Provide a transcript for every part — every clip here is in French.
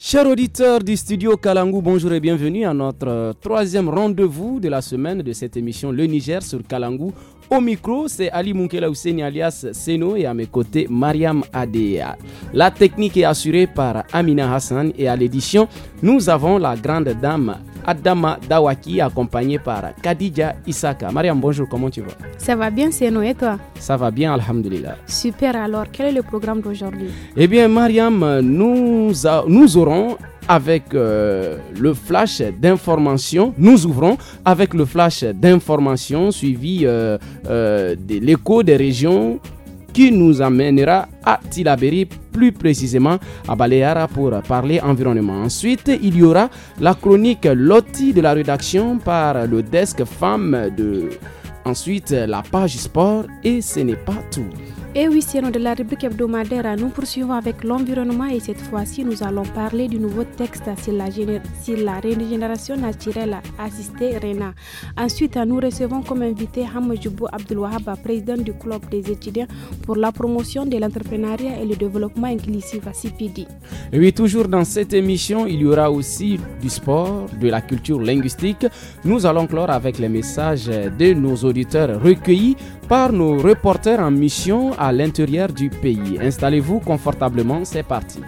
Chers auditeurs du studio Kalangou, bonjour et bienvenue à notre troisième rendez-vous de la semaine de cette émission Le Niger sur Kalangou au micro, c'est Ali Munkela alias Seno et à mes côtés Mariam Adea. La technique est assurée par Amina Hassan et à l'édition, nous avons la grande dame Adama Dawaki accompagnée par Khadija Isaka. Mariam, bonjour, comment tu vas Ça va bien Seno et toi Ça va bien, Alhamdulillah. Super, alors quel est le programme d'aujourd'hui Eh bien Mariam, nous, nous aurons avec euh, le flash d'information. Nous ouvrons avec le flash d'information suivi euh, euh, de l'écho des régions qui nous amènera à Tilaberi, plus précisément à Baleara pour parler environnement. Ensuite, il y aura la chronique Loti de la rédaction par le desk femme de... Ensuite, la page sport et ce n'est pas tout. Et oui, c'est nom de la rubrique hebdomadaire, nous poursuivons avec l'environnement et cette fois-ci, nous allons parler du nouveau texte sur la, régénération naturelle assistée RENA. Ensuite, nous recevons comme invité Hamadjoubou Abdelwahab, président du club des étudiants pour la promotion de l'entrepreneuriat et le développement inclusif à CPD. Oui, toujours dans cette émission, il y aura aussi du sport, de la culture linguistique. Nous allons clore avec les messages de nos auditeurs recueillis par nos reporters en mission à l'intérieur du pays. Installez-vous confortablement, c'est parti.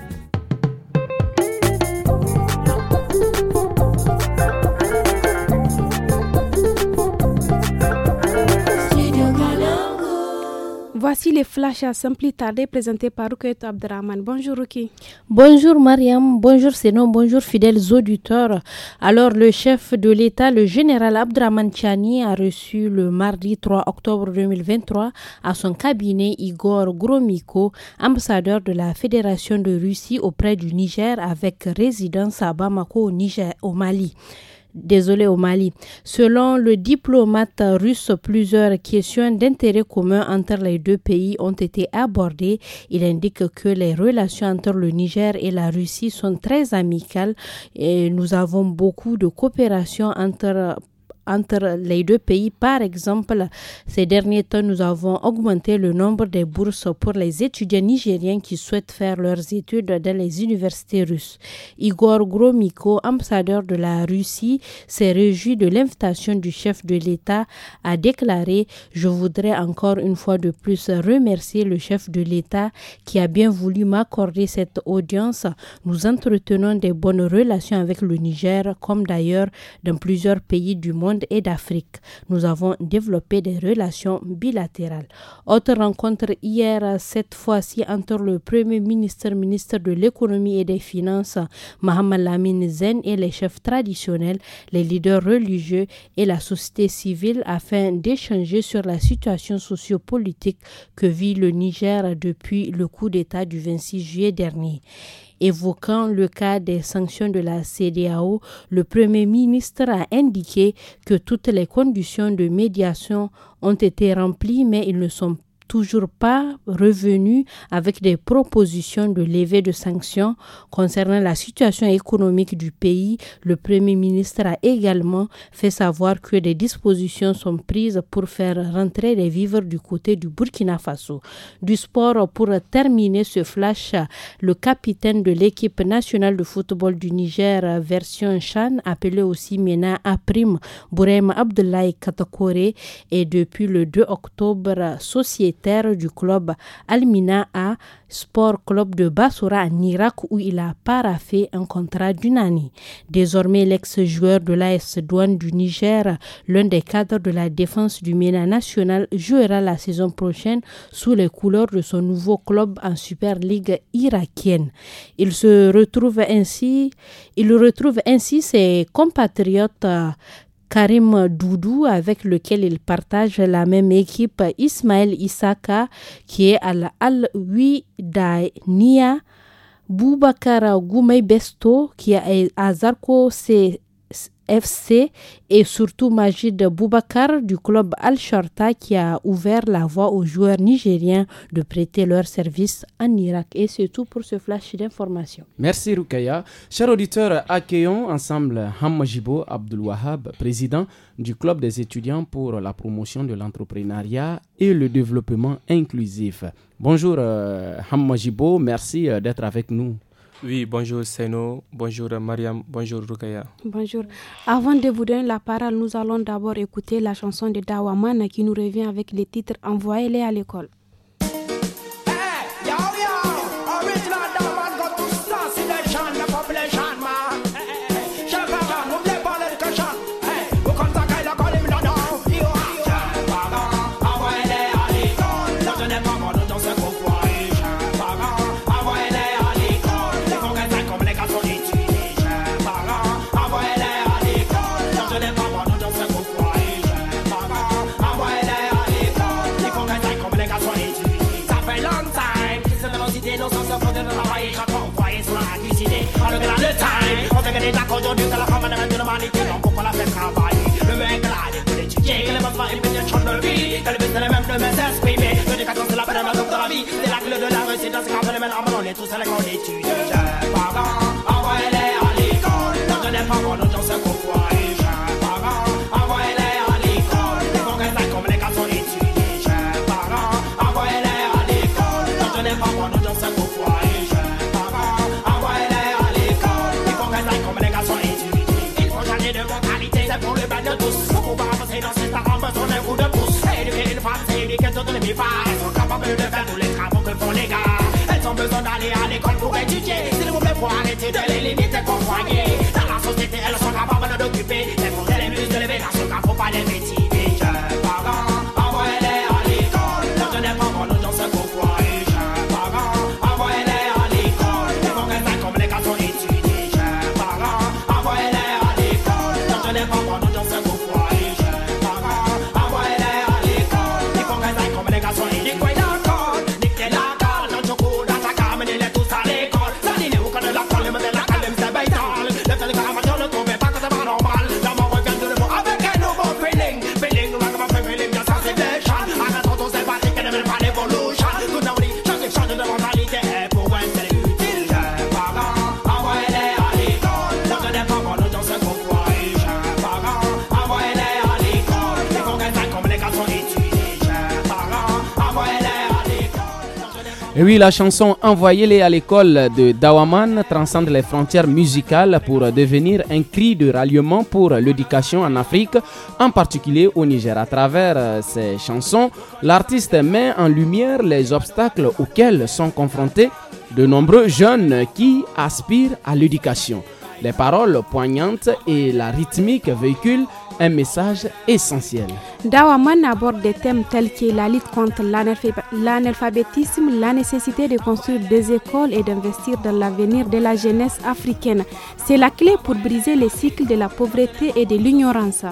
Voici les flashs à Simpli Tardé présentés par Ruket Abdraman. Bonjour Ruki. Bonjour Mariam, bonjour Sénon, bonjour fidèles auditeurs. Alors le chef de l'État, le général Abdraman Tchani a reçu le mardi 3 octobre 2023 à son cabinet Igor Gromiko, ambassadeur de la Fédération de Russie auprès du Niger avec résidence à Bamako au, Niger, au Mali désolé au Mali. Selon le diplomate russe, plusieurs questions d'intérêt commun entre les deux pays ont été abordées. Il indique que les relations entre le Niger et la Russie sont très amicales et nous avons beaucoup de coopération entre entre les deux pays. Par exemple, ces derniers temps, nous avons augmenté le nombre des bourses pour les étudiants nigériens qui souhaitent faire leurs études dans les universités russes. Igor Gromiko, ambassadeur de la Russie, s'est réjoui de l'invitation du chef de l'État à déclarer Je voudrais encore une fois de plus remercier le chef de l'État qui a bien voulu m'accorder cette audience. Nous entretenons des bonnes relations avec le Niger, comme d'ailleurs dans plusieurs pays du monde et d'Afrique. Nous avons développé des relations bilatérales. Autre rencontre hier, cette fois-ci entre le Premier ministre, ministre de l'économie et des finances, Mohamed Lamine Zen, et les chefs traditionnels, les leaders religieux et la société civile afin d'échanger sur la situation sociopolitique que vit le Niger depuis le coup d'État du 26 juillet dernier. Évoquant le cas des sanctions de la CDAO, le Premier ministre a indiqué que toutes les conditions de médiation ont été remplies, mais ils ne sont pas toujours pas revenu avec des propositions de levée de sanctions concernant la situation économique du pays. Le Premier ministre a également fait savoir que des dispositions sont prises pour faire rentrer les vivres du côté du Burkina Faso. Du sport, pour terminer ce flash, le capitaine de l'équipe nationale de football du Niger, version Chan, appelé aussi MENA Aprim, Bourem Abdoulaye Katakore, est depuis le 2 octobre société du club Almina Sport Club de Bassoura en Irak où il a paraffé un contrat d'une année. Désormais, l'ex-joueur de l'AS Douane du Niger, l'un des cadres de la défense du MENA national, jouera la saison prochaine sous les couleurs de son nouveau club en Super League irakienne. Il se retrouve ainsi, il retrouve ainsi ses compatriotes Karim Doudou, avec lequel il partage la même équipe, Ismaël Isaka, qui est à la nia Boubakara Boubacar besto qui est à Zarko C. FC et surtout Majid Boubakar du club Al-Sharta qui a ouvert la voie aux joueurs nigériens de prêter leurs services en Irak. Et c'est tout pour ce flash d'information. Merci Rukaya. Chers auditeurs, accueillons ensemble Hammajibo Abdelwahab, président du club des étudiants pour la promotion de l'entrepreneuriat et le développement inclusif. Bonjour euh, Hammajibo, merci euh, d'être avec nous. Oui, bonjour Seno, bonjour Mariam, bonjour Rukaya. Bonjour. Avant de vous donner la parole, nous allons d'abord écouter la chanson de Dawaman qui nous revient avec le titre Envoyez-les à l'école. vie T'as le but de la même, le même s'exprimer Le c'est la peine, ma de la vie C'est la de la dans ce qu'on les est la de l'élimites à comprendre. oui, la chanson Envoyez-les à l'école de Dawaman transcende les frontières musicales pour devenir un cri de ralliement pour l'éducation en Afrique, en particulier au Niger. À travers ses euh, chansons, l'artiste met en lumière les obstacles auxquels sont confrontés de nombreux jeunes qui aspirent à l'éducation. Les paroles poignantes et la rythmique véhiculent un message essentiel. Dawaman aborde des thèmes tels que la lutte contre l'analphabétisme, la nécessité de construire des écoles et d'investir dans l'avenir de la jeunesse africaine. C'est la clé pour briser les cycles de la pauvreté et de l'ignorance.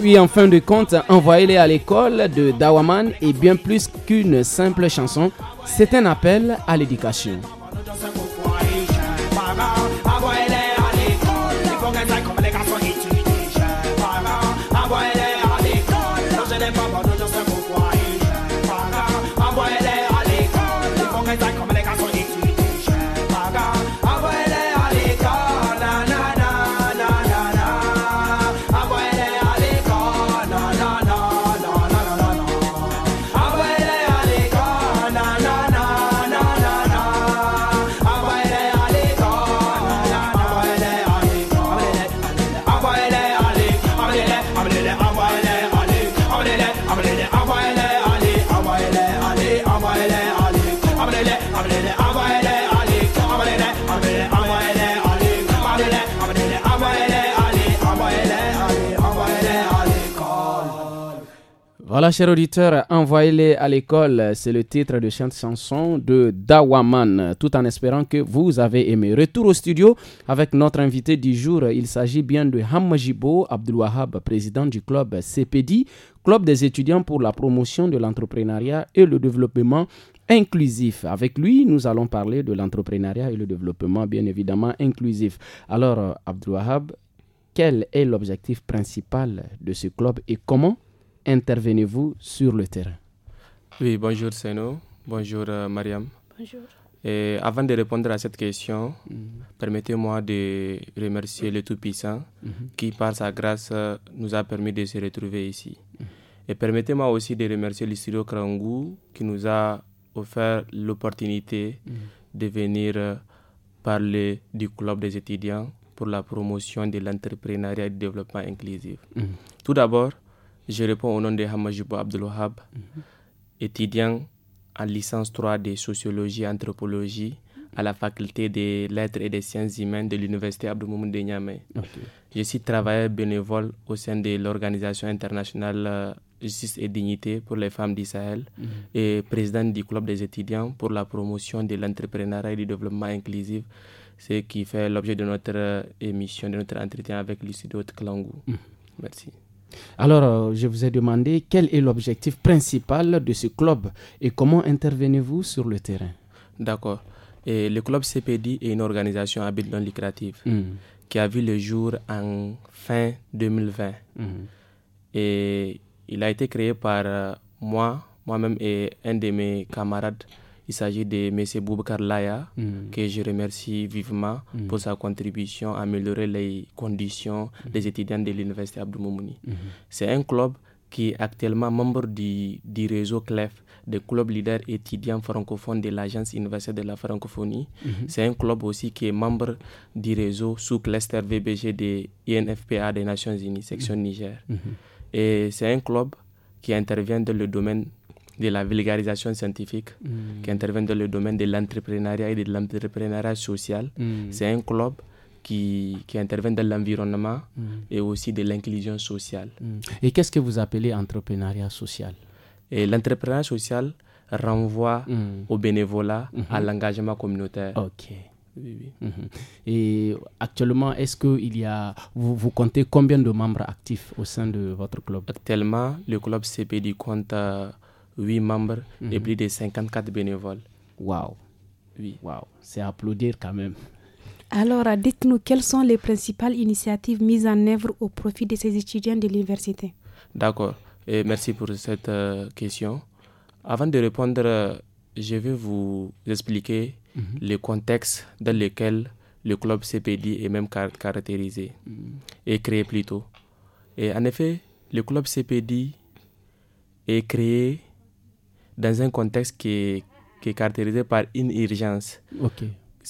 Oui, en fin de compte, envoyer les à l'école de Dawaman est bien plus qu'une simple chanson. C'est un appel à l'éducation. Voilà, chers auditeurs, envoyez-les à l'école. C'est le titre de cette chanson de Dawaman, tout en espérant que vous avez aimé. Retour au studio avec notre invité du jour. Il s'agit bien de Hamajibo Abdulwahab, président du club CPD, club des étudiants pour la promotion de l'entrepreneuriat et le développement inclusif. Avec lui, nous allons parler de l'entrepreneuriat et le développement, bien évidemment, inclusif. Alors, Abdulwahab, quel est l'objectif principal de ce club et comment intervenez-vous sur le terrain Oui, bonjour Seno, bonjour euh, Mariam. Bonjour. Et avant de répondre à cette question, mhm. permettez-moi de remercier le Tout-Puissant mhm. qui, par sa grâce, nous a permis de se retrouver ici. Mhm. Et permettez-moi aussi de remercier le studio Krangou qui nous a offert l'opportunité de venir euh, parler du club des étudiants pour la promotion de l'entrepreneuriat et du développement inclusif. Tout d'abord, je réponds au nom de Hamajibou Abdelwahab, étudiant en licence 3 de sociologie et anthropologie à la faculté des lettres et des sciences humaines de l'université Abdoumoum de Niamey. Je suis travailleur bénévole au sein de l'organisation internationale euh, Justice et Dignité pour les femmes d'Israël mhm. et président du club des étudiants pour la promotion de l'entrepreneuriat et du développement inclusif, ce qui fait l'objet de notre euh, émission, de notre entretien avec Lucido Klangou. Mhm. Merci. Alors, euh, je vous ai demandé quel est l'objectif principal de ce club et comment intervenez-vous sur le terrain D'accord. Et le club CPD est une organisation à but non lucratif hmm. qui a vu le jour en fin 2020. Hmm. Et il a été créé par euh, moi, moi-même et un de mes camarades il s'agit de M. Boubacar Laya, mm. que je remercie vivement mm. pour sa contribution à améliorer les conditions mm. des étudiants de l'Université Abdou Moumouni. Mm-hmm. C'est un club qui est actuellement membre du, réseau CLEF, des clubs leaders étudiants francophones de l'Agence Universitaire de la francophonie. Mm-hmm. C'est un club aussi qui est membre du réseau sous cluster VBG de INFPA des Nations Unies, section mm-hmm. Niger. Et c'est un club qui intervient dans le domaine de la vulgarisation scientifique mm. qui intervient dans le domaine de l'entrepreneuriat et de l'entrepreneuriat social. Mm. C'est un club qui, qui intervient dans l'environnement mm. et aussi de l'inclusion sociale. Et qu'est-ce que vous appelez entrepreneuriat social Et l'entrepreneuriat social renvoie au bénévolat, à mm-hmm. l'engagement communautaire. Ok. Mm-hmm. Et actuellement, est-ce que il y a, vous, comptez combien de membres actifs au sein de votre club Actuellement, le club CPD compte euh, 8 membres mhm. et plus de 54 bénévoles. Waouh! Oui. Waouh! C'est applaudir quand même. Alors, euh, dites-nous quelles sont les principales initiatives mises en œuvre au profit de ces étudiants de l'université. D'accord, et merci pour cette euh, question. Avant de répondre, euh, je vais vous expliquer mhm. le contexte dans lequel le club CPD est même caractérisé mhm. et créé plutôt. Et en effet, le club CPD est créé dans un contexte qui est, qui est caractérisé par une urgence.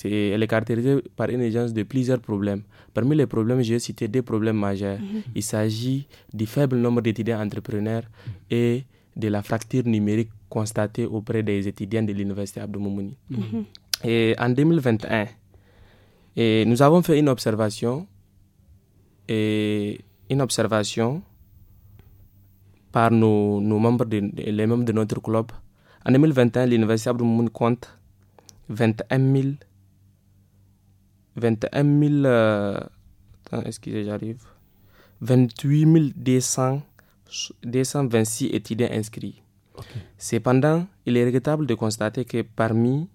elle est caractérisée par une urgence de plusieurs problèmes. Parmi les problèmes, j'ai cité deux problèmes majeurs. Mhm. Il s'agit du faible nombre d'étudiants entrepreneurs et de la fracture numérique constatée auprès des étudiants de l'université Abdou Moumouni. Mhm. Et en 2021, nous avons fait une observation et une observation par nos, nos membres les membres de notre club. En 2021, l'Université Abdoumoun compte 21 000, 21 000 excusez, 28 226 étudiants inscrits. Cependant, il est regrettable de constater que parmi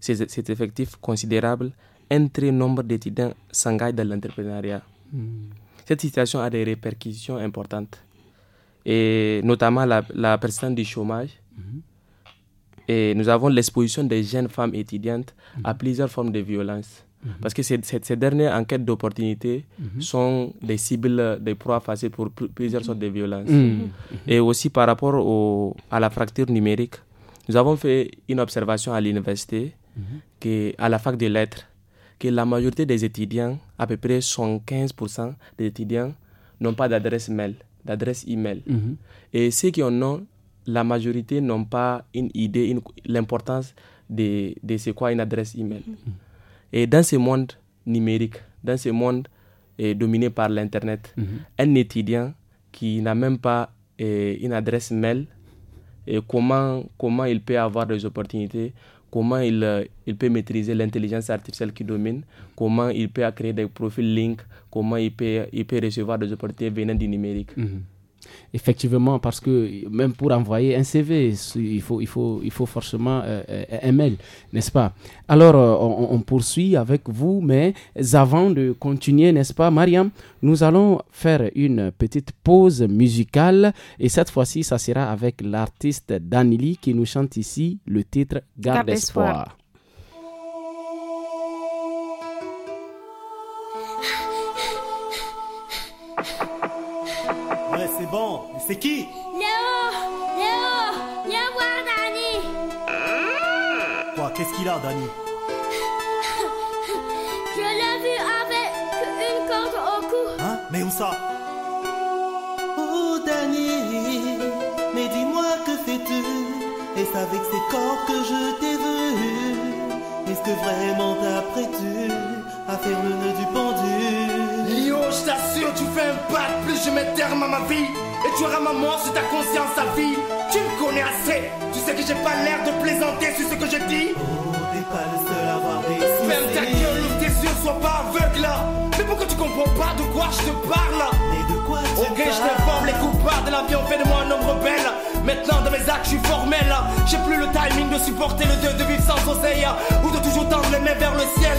cet effectif considérable, un très nombre d'étudiants s'engagent dans l'entrepreneuriat. Hmm. Cette situation a des répercussions importantes et notamment la, la du chômage. Mhm. Et nous avons l'exposition des jeunes femmes étudiantes à mhm. plusieurs formes de violence. Mhm. Parce que ces, ces dernières enquêtes d'opportunités sont des cibles, des proies faciles pour plusieurs sortes de violences. Et aussi par rapport à la fracture numérique, nous avons fait une observation à l'université, à la fac de lettres, que la majorité des étudiants, à peu près 75% des étudiants, n'ont pas d'adresse mail d'adresse email. Mhm. Et ceux qui en ont, la majorité n'ont pas une idée, l'importance de, de c'est une adresse email. Mhm. Et dans ce monde numérique, dans ce monde eh, dominé par l'Internet, mhm. un étudiant qui n'a même pas eh, une adresse mail, et eh, comment, comment il peut avoir des opportunités comment euh, il, peut maîtriser l'intelligence artificielle qui domine, comment il peut créer des profils link, comment il peut, recevoir des opportunités venant du numérique. Mhm. Effectivement, parce que même pour envoyer un CV, il faut, il faut, il faut forcément euh, euh, un mail, n'est-ce pas Alors, euh, on, poursuit avec vous, mais avant de continuer, n'est-ce pas, Mariam, nous allons faire une petite pause musicale et cette fois-ci, ça sera avec l'artiste Danili qui nous chante ici le titre Garde, espoir. C'est qui Léo Léo Viens voir Quoi Qu'est-ce qu'il a, Dani? Je l'ai vu avec une corde au cou. Hein Mais où ça Oh, Dani, Mais dis-moi que c'est-tu Est-ce avec ces corps que je t'ai vu Est-ce que vraiment t'as tu à faire le nœud du pendule. Yo je t'assure, tu fais un pas de plus, je mets terme à ma vie. Et tu auras ma mort sur ta conscience à vie. Tu me connais assez, tu sais que j'ai pas l'air de plaisanter sur ce que je dis. Oh, t'es pas le seul à avoir des Même ta gueule, tes yeux, sois pas aveugle là. Mais pourquoi tu comprends pas de quoi je te parle Et de quoi tu Ok, je t'informe, les coupables de la vie ont fait de moi un homme rebelle. Maintenant dans mes actes je suis formel J'ai plus le timing de supporter le dieu de vivre sans oseille Ou de toujours tendre les mains vers le ciel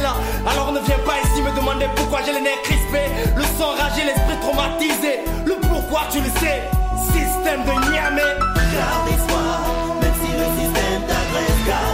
Alors ne viens pas ici me demander pourquoi j'ai les nez crispés Le sang ragé, l'esprit traumatisé Le pourquoi tu le sais Système de Niamey Garde espoir, même si le système t'agresse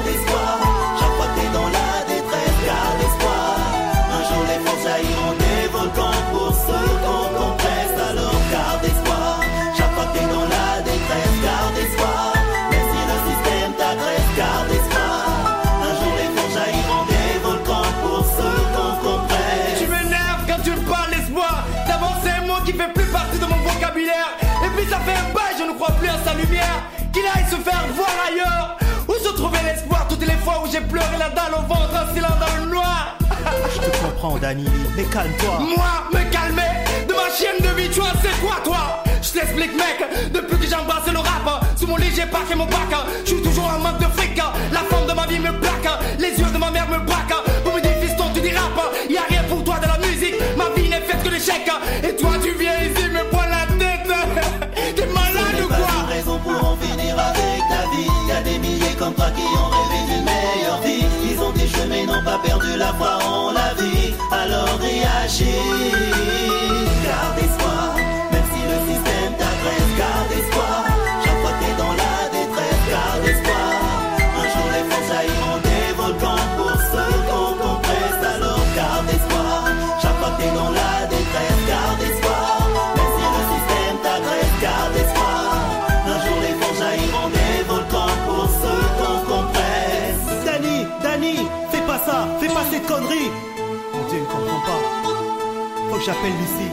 ventre un noir. Je te comprends, Dani, mais calme-toi. Moi, me calmer de ma chienne de vie, tu vois, c'est quoi, toi Je t'explique, mec, depuis que j'embrasse le rap, sous mon lit, j'ai fait mon bac. Je suis toujours en manque de fric, la forme de ma vie me plaque, les yeux de ma mère me braquent. Pour me dire, fiston, tu dis rap, y'a a rien pour toi de la musique, ma vie n'est faite que l'échec Et toi, tu viens ici me prendre la tête. T'es malade ou quoi raison pour en finir avec vie, des milliers comme toi qui ont rêvé d'une meilleure vie n'ont pas perdu la foi en la vie, alors réagis. J'appelle Lucie.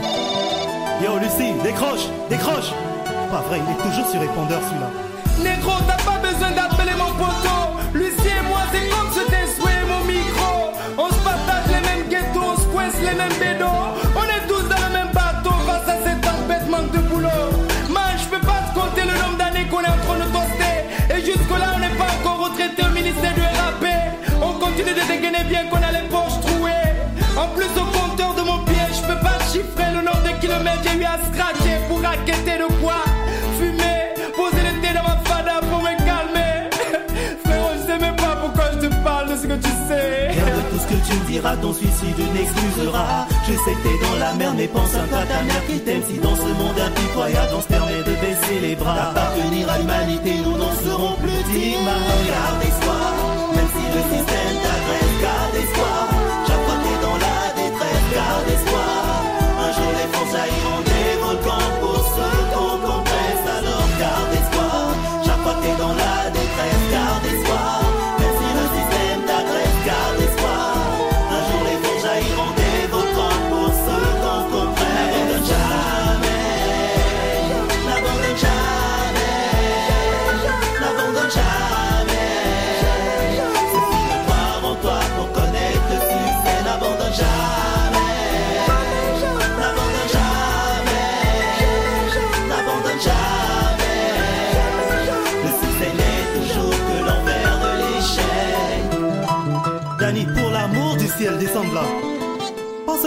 Yo Lucie, décroche, décroche. Pas vrai, il est toujours sur répondeur celui-là. Négro, t'as pas besoin d'appeler mon poteau. Lucie et moi, c'est comme se souhaité mon micro. On se partage les mêmes ghettos, on se coince les mêmes bédos. On est tous dans le même bateau face à cette tempête, manque de boulot. Man, je peux pas te compter le nombre d'années qu'on est en train de poster. Et jusque-là, on n'est pas encore retraité au ministère du RAP. On continue de dégainer bien qu'on a les poches trouées. En plus, je j'ai eu à scratcher pour raqueter le poids. Fumer, poser le thé dans ma fada pour me calmer. Frérot, je sais même pas pourquoi je te parle de ce que tu sais. Garde tout ce que tu me diras, ton suicide n'excusera. Je sais que t'es dans la merde, mais pense un peu à ta mère qui t'aime. Si dans ce monde impitoyable, on se permet de baisser les bras. Appartenir à l'humanité, nous n'en serons plus dignes.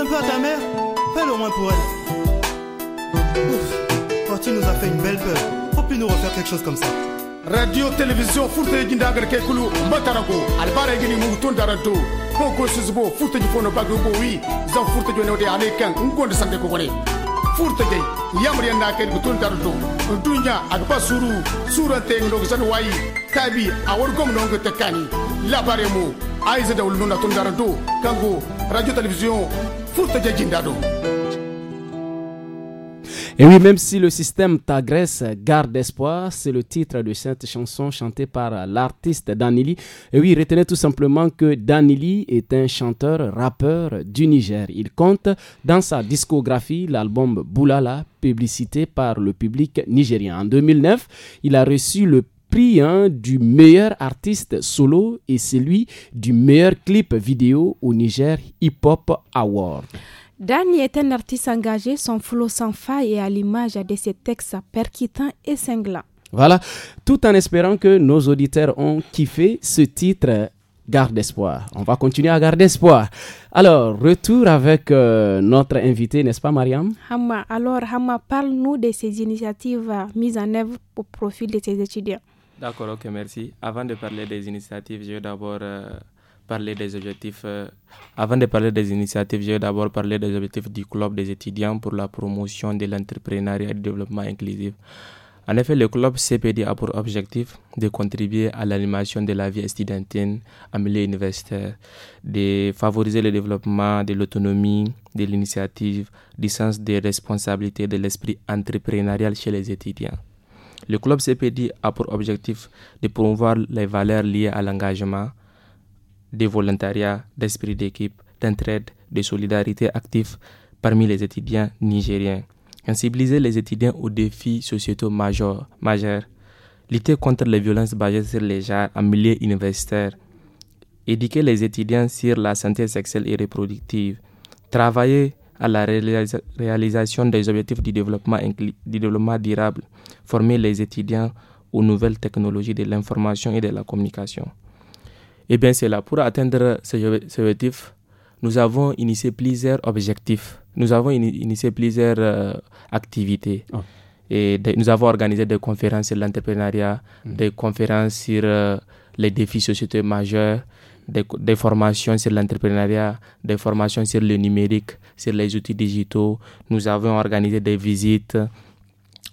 Tu à ta mère, fais au moins pour elle. Ouf, tu nous a fait une belle peur. on peut nous refaire quelque chose comme ça. radio télévision furtaji dagar ke kulu batarago albara gini mugutun daranto ko ko susubo du fond oui, zan un no de ale kan ngonde sande ko kore ton darado. na ke gutun dunya agba suru sura te ngdo Kabi, wayi tabi awor gom kani kango radio télévision Et oui, même si le système t'agresse, garde espoir, c'est le titre de cette chanson chantée par l'artiste Danili. Et oui, retenez tout simplement que Danili est un chanteur, rappeur du Niger. Il compte dans sa discographie l'album Boulala, publicité par le public nigérien. En 2009, il a reçu le Hein, du meilleur artiste solo et celui du meilleur clip vidéo au Niger Hip Hop Award. Danny est un artiste engagé, son flot sans faille et à l'image de ses textes percutants et cinglants. Voilà, tout en espérant que nos auditeurs ont kiffé ce titre Garde espoir. On va continuer à garder espoir. Alors, retour avec euh, notre invité, n'est-ce pas, Mariam Hama, alors, Hama, parle-nous de ces initiatives mises en œuvre au profit de ces étudiants. D'accord, ok, merci. Avant de parler des initiatives, je vais d'abord euh, parler des objectifs. Euh, avant de parler des initiatives, je d'abord parler des objectifs du club des étudiants pour la promotion de l'entrepreneuriat et du développement inclusif. En effet, le club CPD a pour objectif de contribuer à l'animation de la vie étudiantine en milieu universitaire, de favoriser le développement de l'autonomie, de l'initiative, du sens des responsabilités, de l'esprit entrepreneurial chez les étudiants. Le club CPD a pour objectif de promouvoir les valeurs liées à l'engagement, des volontariats, d'esprit d'équipe, d'entraide, de solidarité active parmi les étudiants nigériens. Sensibiliser les étudiants aux défis sociétaux majeurs, majeurs lutter contre les violences basées sur les genres en milieu universitaire, éduquer les étudiants sur la santé sexuelle et reproductive, travailler à la réalisation des objectifs du développement, du développement durable, former les étudiants aux nouvelles technologies de l'information et de la communication. Et eh bien, c'est là. Pour atteindre ces objectifs, nous avons initié plusieurs objectifs. Nous avons initié plusieurs euh, activités. Ah. Et nous avons organisé des conférences sur l'entrepreneuriat, hmm. des conférences sur euh, les défis sociétés majeurs, des, formations sur l'entrepreneuriat, des formations sur le numérique, sur les outils digitaux. Nous avons organisé des visites.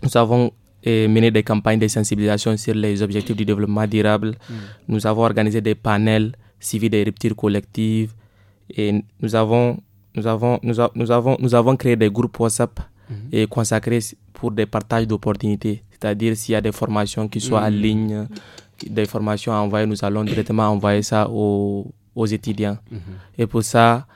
Nous avons eh, mené des campagnes de sensibilisation sur les objectifs du développement durable. Mm. Nous avons organisé des panels suivis des ruptures collectives et nous avons, nous avons, nous, avons, nous avons créé des groupes WhatsApp mm-hmm. et consacrés pour des partages d'opportunités. C'est-à-dire s'il y a des formations qui soient en mm. ligne, des formations à envoyer, nous allons directement envoyer ça aux, étudiants. Mhm. Et pour ça,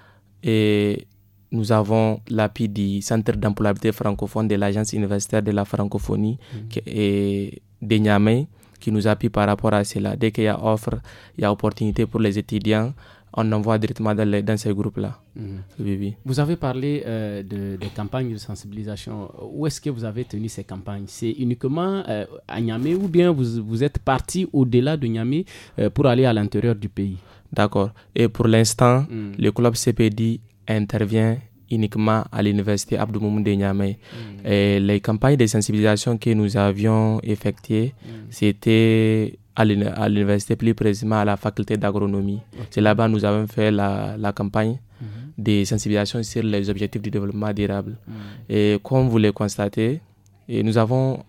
nous avons l'appui du Centre d'employabilité francophone de l'Agence universitaire de la francophonie mhm. et de Niamey qui nous appuie par rapport à cela. Dès qu'il y a offre, il y a opportunité pour les étudiants, on envoie directement dans, ces groupes-là. Mhm. Vous avez parlé euh, des de, campagnes de sensibilisation. Où est-ce que vous avez tenu ces campagnes C'est uniquement euh, à Niamey ou bien vous, êtes parti au-delà de Niamey euh, pour aller à l'intérieur du pays D'accord. Et pour l'instant, mhm. le club CPD intervient uniquement à l'université Abdou de Niamey. Mhm. Et les campagnes de sensibilisation que nous avions effectuées, c'était à l'université, plus précisément à la faculté d'agronomie. C'est là-bas que nous avons fait la, campagne mhm. de sensibilisation sur les objectifs du développement durable. Mhm. Et comme vous l'avez constatez, et nous avons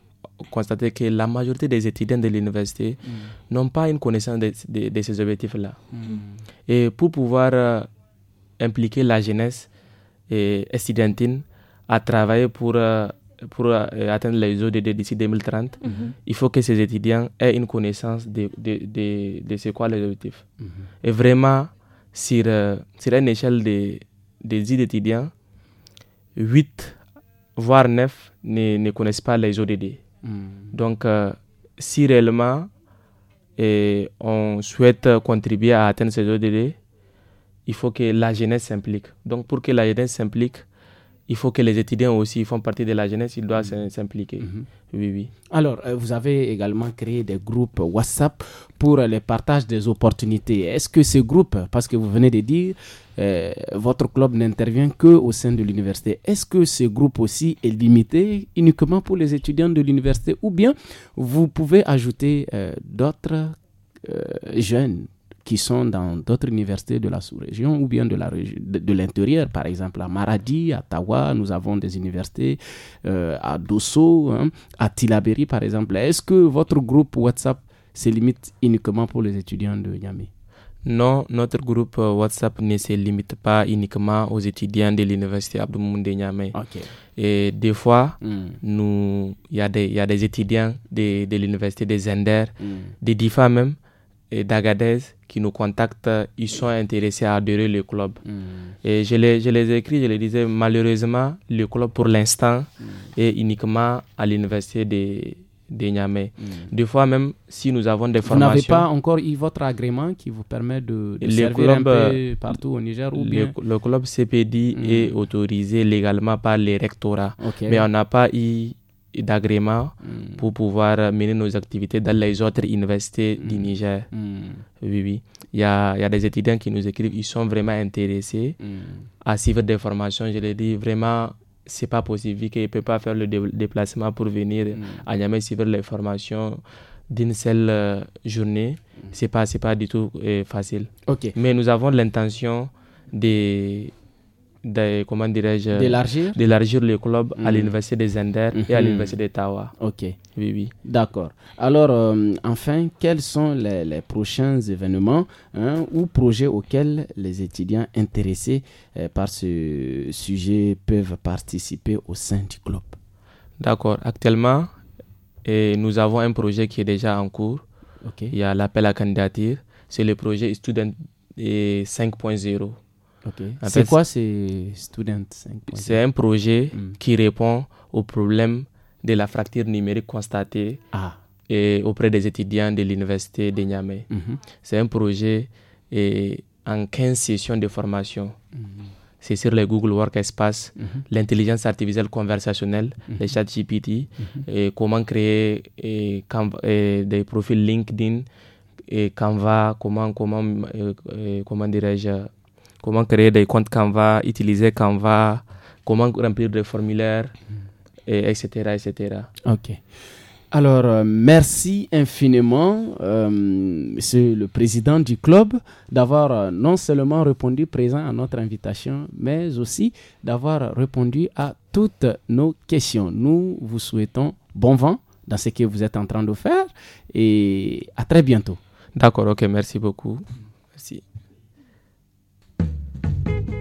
constaté que la majorité des étudiants de l'université mhm. n'ont pas une connaissance de, ces objectifs-là. Et pour pouvoir euh, impliquer la jeunesse et estudiantine à travailler pour... Euh, pour euh, euh, atteindre les ODD d'ici 2030, mhm. il faut que ces étudiants aient une connaissance de, de, de, ce qu'est l'objectif. Mhm. Et vraiment, sur, euh, sur une échelle de, 10 étudiants, 8 voire 9 ne, ne connaissent pas les ODD. Mhm. Donc, si réellement on souhaite contribuer à atteindre ces ODD, il faut que la jeunesse s'implique. Donc, pour que la jeunesse s'implique, il faut que les étudiants aussi font partie de la jeunesse, ils doivent mm-hmm. s'impliquer. Mm-hmm. Oui, oui. Alors, euh, vous avez également créé des groupes WhatsApp pour le partage des opportunités. Est-ce que ces groupes, parce que vous venez de dire, euh, votre club n'intervient que au sein de l'université, est-ce que ce groupe aussi est limité uniquement pour les étudiants de l'université ou bien vous pouvez ajouter euh, d'autres jeunes qui sont dans d'autres universités de la sous-région ou bien de l'intérieur, de, l'intérieur, par exemple à Maradi, à Tawa, nous avons des universités euh, à Dosso, hein, à Tilaberi par exemple. Est-ce que votre groupe WhatsApp se limite uniquement pour les étudiants de Niamey non, notre groupe euh, WhatsApp ne se limite pas uniquement aux étudiants de l'université Abdou de Niamey. Ok. Et des fois, hmm. il y, y, a des étudiants de, de l'université des Zender, hmm. des DIFA même, d'Agadez qui nous contactent, ils sont intéressés à adhérer le club. Mm. Et je les, je les écris, je les disais, malheureusement, le club pour l'instant mm. est uniquement à l'université de de Niamey. Mm. Des fois même, si nous avons des formations... Vous n'avez pas encore eu votre agrément qui vous permet de, de servir un peu euh, partout au Niger ou bien... Le, club CPD est autorisé légalement par les rectorats, mais on n'a pas eu d'agrément mm. pour pouvoir mener nos activités dans les autres universités du mm. Niger. Mm. Oui, oui. Il y a, y a, des étudiants qui nous écrivent, ils sont vraiment intéressés à suivre des formations. Je leur dis vraiment, c'est pas possible, vu qu'ils ne peuvent pas faire le déplacement pour venir à Niamey suivre les formations d'une seule euh, journée. C'est pas, pas du tout euh, facile. ok Mais nous avons l'intention de de, comment dirais-je d'élargir d'élargir le club à mhm. l'université des Zender et à mhm. l'université d'Ottawa. OK. Oui oui. D'accord. Alors euh, enfin, quels sont les, prochains événements hein, ou projets auxquels les étudiants intéressés euh, par ce sujet peuvent participer au sein du club D'accord. Actuellement, nous avons un projet qui est déjà en cours. Ok. Il y a l'appel à candidature, c'est le projet Student 5.0. C'est quoi ces Student C'est un projet hmm. qui répond au problème de la fracture numérique constatée ah. et auprès des étudiants de l'université de Niamey. Mhm. C'est un projet et, en 15 sessions de formation. Mhm. C'est sur le Google Workspace, mhm. l'intelligence artificielle conversationnelle, les chats GPT, et comment créer des profils LinkedIn et Canva, comment, comment, euh, euh, comment dirais-je comment créer des comptes Canva, utiliser Canva, comment remplir des formulaires, mm. et etc., etc. Ok. Alors, euh, merci infiniment, euh, Monsieur le Président du club, d'avoir euh, non seulement répondu présent à notre invitation, mais aussi d'avoir répondu à toutes nos questions. Nous vous souhaitons bon vent dans ce que vous êtes en train de faire et à très bientôt. D'accord, ok, merci beaucoup.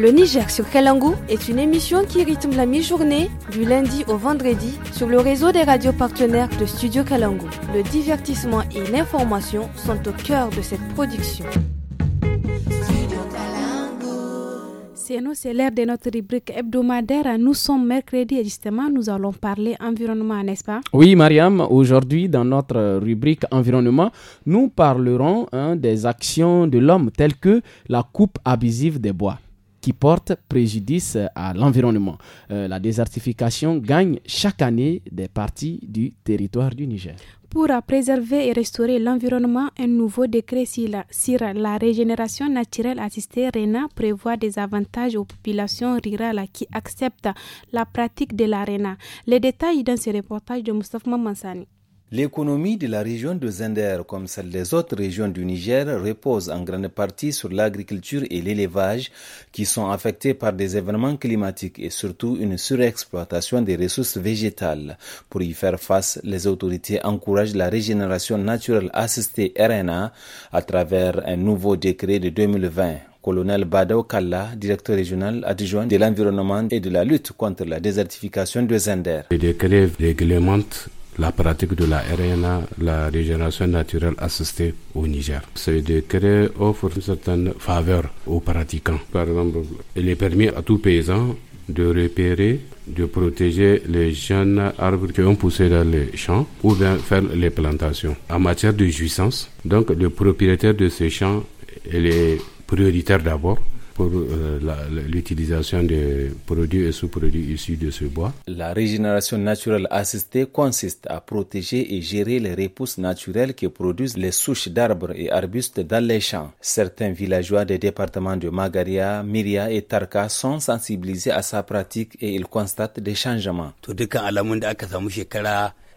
Le Niger sur Kalangu est une émission qui rythme la mi-journée du lundi au vendredi sur le réseau des radios partenaires de Studio Kalangu. Le divertissement et l'information sont au cœur de cette production. C'est nous, c'est l'heure de notre rubrique hebdomadaire. Nous sommes mercredi et justement, nous allons parler environnement, n'est-ce pas Oui, Mariam, aujourd'hui, dans notre rubrique environnement, nous parlerons hein, des actions de l'homme telles que la coupe abusive des bois qui porte préjudice à l'environnement. Euh, la désertification gagne chaque année des parties du territoire du Niger. Pour préserver et restaurer l'environnement, un nouveau décret sur la, sur la, régénération naturelle assistée RENA prévoit des avantages aux populations rurales qui acceptent la pratique de la RENA. Les détails dans ce reportage de Moustapha Mansani. L'économie de la région de Zender, comme celle des autres régions du Niger, repose en grande partie sur l'agriculture et l'élevage, qui sont affectés par des événements climatiques et surtout une surexploitation des ressources végétales. Pour y faire face, les autorités encouragent la régénération naturelle assistée RNA à travers un nouveau décret de 2020 colonel Badao Kalla, directeur régional adjoint de l'environnement et de la lutte contre la désertification de Zender la pratique de la RNA, la régénération naturelle assistée au Niger. Ce décret offre une certaine faveur aux pratiquants. Par exemple, il est permis à tout paysan de repérer, de protéger les jeunes arbres qui ont poussé dans les champs ou bien faire les plantations. En matière de jouissance, donc le propriétaire de ces champs, est prioritaire d'abord pour euh, l'utilisation des produits et sous-produits issus de ce bois. La régénération naturelle assistée consiste à protéger et gérer les repousses naturelles que produisent les souches d'arbres et arbustes dans les champs. Certains villageois des départements de Magaria, Miria et Tarka sont sensibilisés à sa pratique et ils constatent des changements.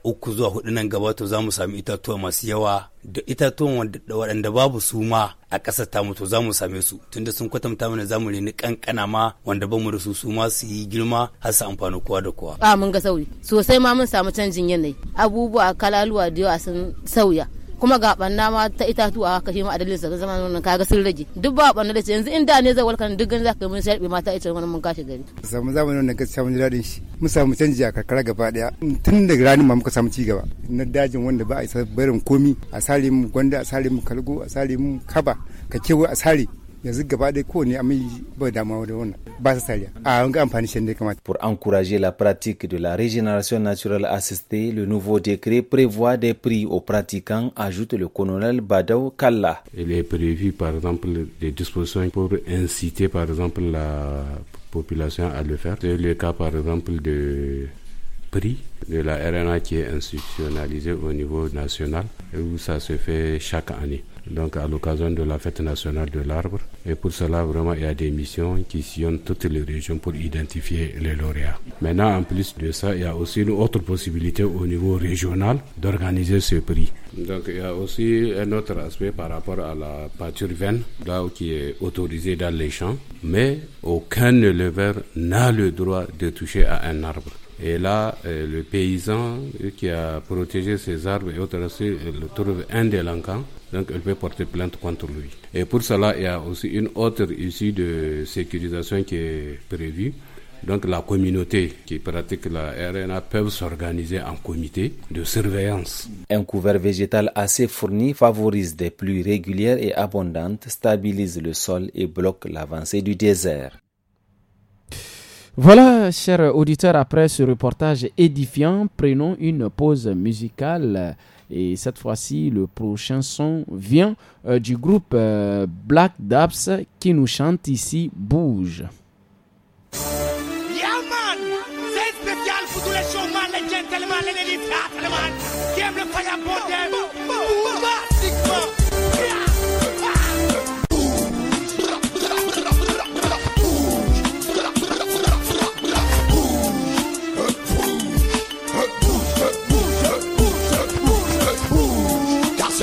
uku zuwa hudu nan gaba to za mu sami itatuwa masu yawa da itatuwan waɗanda babu su ma a ƙasar tamu to za mu same su tunda sun kwatanta mana za mu reni kankana ma wanda ba mu da su su ma su yi girma har su amfani kowa da kowa. a mun ga sauyi sosai ma mun samu canjin yanayi abubuwa kalaluwa da yawa sun sauya kuma ga banna ma ta itatuwa ka shi ma adalin sa zama nan kaga sun rage duk ba banna da yanzu in da ne zai walkan duk ganin zaka mun sharbe ma ta ita wannan mun kashi gari samu zamanin nan gaskiya mun ji shi mun samu canji a karkara gaba daya tun daga ranin ma muka samu ci gaba na dajin wanda ba a isa barin komi a sare mu gwanda a sare mu kalgo a sare mu kaba ka kewa a sare Pour encourager la pratique de la régénération naturelle assistée, le nouveau décret prévoit des prix aux pratiquants, ajoute le colonel Badaw Kalla. Il est prévu par exemple des dispositions pour inciter par exemple la population à le faire. C'est le cas par exemple de prix de la RNA qui est institutionnalisée au niveau national où ça se fait chaque année donc à l'occasion de la fête nationale de l'arbre. Et pour cela, vraiment, il y a des missions qui sillonnent toutes les régions pour identifier les lauréats. Maintenant, en plus de ça, il y a aussi une autre possibilité au niveau régional d'organiser ce prix. Donc, il y a aussi un autre aspect par rapport à la pâture vaine, là où qui est autorisée dans les champs, mais aucun éleveur n'a le droit de toucher à un arbre. Et là, euh, le paysan qui a protégé ses arbres et autres il euh, le trouve un délinquant, donc elle peut porter plainte contre lui. Et pour cela, il y a aussi une autre issue de sécurisation qui est prévue. Donc la communauté qui pratique la RNA peut s'organiser en comité de surveillance. Un couvert végétal assez fourni favorise des pluies régulières et abondantes, stabilise le sol et bloque l'avancée du désert. Voilà, chers auditeurs, après ce reportage édifiant, prenons une pause musicale. Et cette fois-ci, le prochain son vient euh, du groupe euh, Black Daps qui nous chante ici Bouge.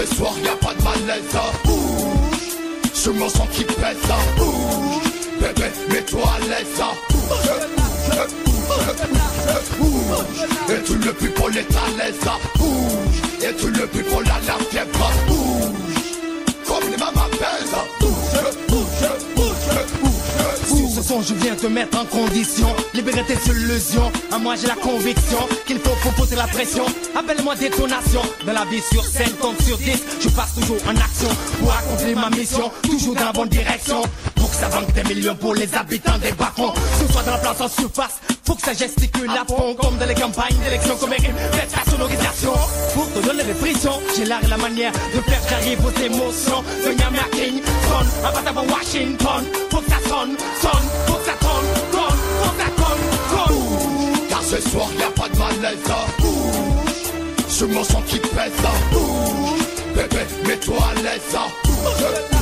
Ce soir y'a pas de malaise Bouge Je mon sens qui pèse Bouge Bébé mets-toi à l'aise Bouge Et tu le plus pour les l'aise Bouge Et tu le plus pour la fièvre Bouge Comme les mamans pèsent je viens te mettre en condition. Libérer tes illusions. À moi, j'ai la conviction qu'il faut proposer la pression. Appelle-moi détonation. Dans la vie sur scène, comme sur 10. Je passe toujours en action pour accomplir ma mission. Toujours dans la bonne direction. Pour que ça vende des millions pour les habitants des bas-fonds. Ce soit dans la place en surface, faut que ça gesticule à fond, comme dans les campagnes d'élection comme comériques. Faites à sonorisation pour te donner des frissons. J'ai l'air et la manière de faire j'arrive aux émotions. Sonia King sonne, un avant Washington. Faut que ça sonne, sonne, faut que ça sonne, sonne, faut que ça sonne, sonne. Car ce soir y'a pas de malaise, bouge. Je mon sens qui pèse, bouge. Bébé, mets-toi à l'aise, bouge.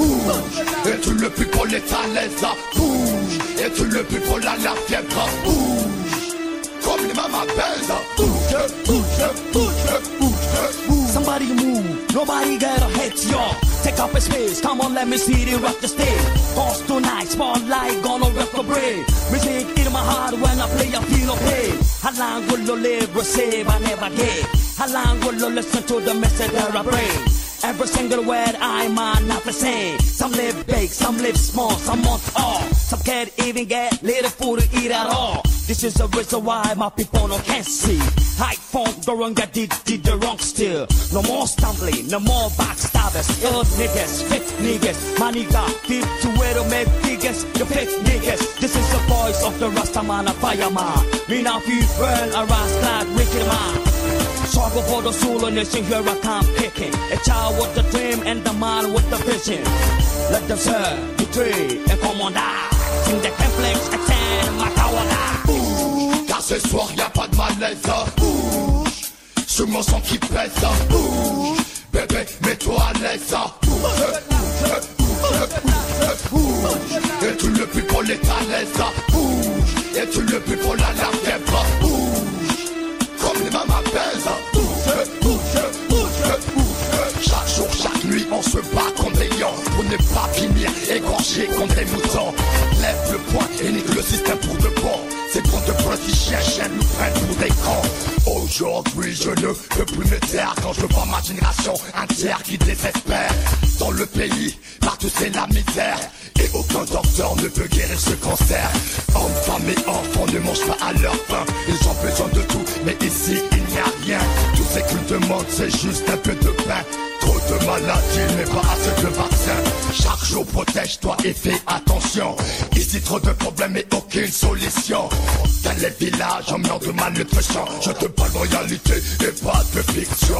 bouge Et tu le plus pour les salaises bouge Et tu le plus pour la, la bouge Comme les mamans pèsent Bouge, bouge, bouge, bouge, bouge Somebody move, nobody get a hit, yo Take up a space, come on let me see you rock the stage Cause tonight, spotlight gonna rock the brain Music in my heart when I play, I feel no pain How long will you live, receive, I never get How long will you listen to the message that I bring Every single word I might not the same. Some live big, some live small, some want all. Some can't even get little food to eat at all. This is the reason why my people no can see. I found the wrong did, did the wrong still. No more stumbling, no more backstabbers. Ill niggas, fit niggas. Money got deep to where to make niggas, you fit niggas. This is the voice of the Rastaman, a fireman. Me now feel burn, a rascal, wicked man. Struggle for the soul of nation, here I come kicking. A child with the dream and the man with the vision. Let them serve, betray, and come on Sing the complex, et my power now. Bouge, car ce soir y'a pas de malaise. Bouge, sous mon sang qui pèse. Bouge, bébé, mets-toi à l'aise. Bouge, bouge, bouge, Et tu le plus pour les l'aise Bouge, et tu le plus pour la largue. Bouge. 别走。se bat contre des pour ne pas finir égorgé contre des moutons. Lève le poing et nique le système pour de bon. C'est pour de qui cherchent à nous pour des cons. Aujourd'hui, je ne peux plus me taire quand je vois ma génération tiers qui désespère. Dans le pays, partout c'est la misère. Et aucun docteur ne peut guérir ce cancer. Hommes, femmes et enfants ne mangent pas à leur pain. Ils ont besoin de tout, mais ici, il n'y a rien monde c'est juste un peu de pain. Trop de maladies, mais pas assez de vaccins. Chaque jour, protège-toi et fais attention. Ici, trop de problèmes et aucune solution. Dans les villages, en meurt de malnutrition. Je te parle de réalité et pas de fiction.